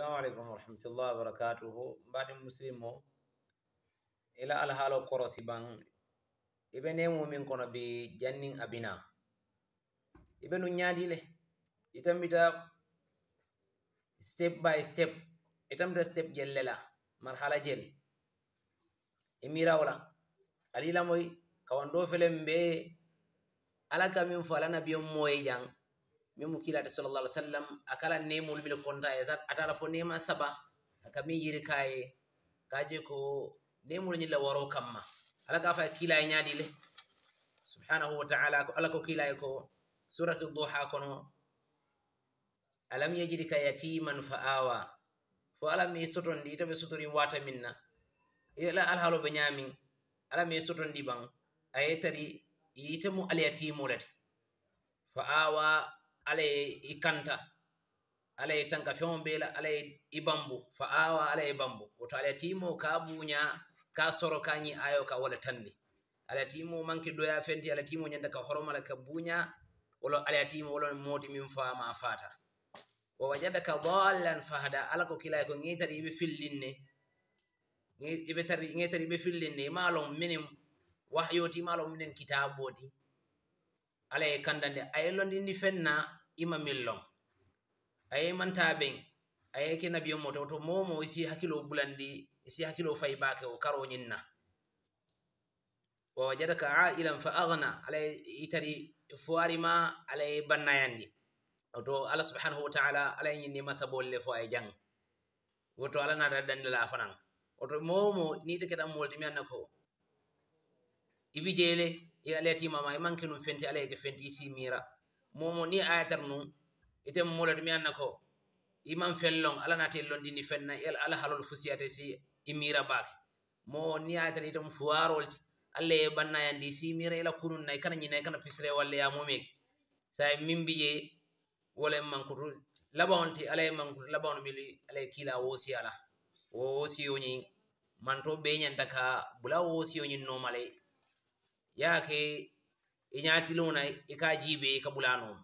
assalamu aleykum wa rahmatullah wa barakatuhu mbaɗi muslim o ila alhaalo korosi ban iɓe nemumin kono bi jannin abina iɓe nu ñaadile itambita step by step itambita step jellela marhala jel imirawla alilamoy kawan ɗo felen ɓe ala kamin fo alanabiyon moye jang min mo kilade sal llah alih w sallam a kala nemol ɓile konda e atala fo nema saba aka min yiri kaye kaje ko nemol ñilla waro kamma ala ka fa kilaye ñaadi le subhanahu wa taala ko ala ko kilaye ko surati duha kono alam yajidi ka yatiman fa awa fo ala mi sotondi itaɓe sotori wata minna ila alhalo ɓe ñamin ala mi sotondi ɓan aye tari yitemo alyatimolete fa awa alaye i kanta alaye tanka fewo be la alaye i bambu fa awa alaye bambu woto alaye timo ka buña ka soro ka ñi ayo ka wala tandi alaye timo manke doya fenti alaye timo ñanda ka horomala ka buña wolo alaye timo wolo moti min fama fata wo wajada ka dallan fahada ala ko kilay ko ŋetari iɓe fillinne iɓe tari ŋetari iɓe fillinne imalon minen wahyoti imalon minen kitabodi alaye kandande aylondindi fenna ima millon aye manta ɓen aye ke nabiyomo to to momo si hakkilo bulandi si hakkilo fay bake o karoñinna wa wajadaka ailan fa agna alay itari fowarima alaye bannayandi to allah subhanahu wa taala alay ñinni masabol le fo ay jang woto ala nata dandela fanan oto momo nite keɗan molti mi anna ko i wijeele i aleytimama i manke num fenti alayke fenti i simira momo ni ayatar nun ite mumola ɗumi anna ko iman fellon ala nata ellondini fenna el ala halol fusiyate si imira baake mo ni ayatar item fuwarolti allah ye bannayandi si mira ela kunun nayi kana ñinayi kana pisre walla ya momeki saye min mbiƴe wala e mankutu labaonti ala ye mankutu labaono mili ala ye kiila wosi ala wo wosiyoñin manto ɓeñanta ka bula wosiyoñin nomale yaake e ñaatilona e ka jiibe e ka ɓulanoma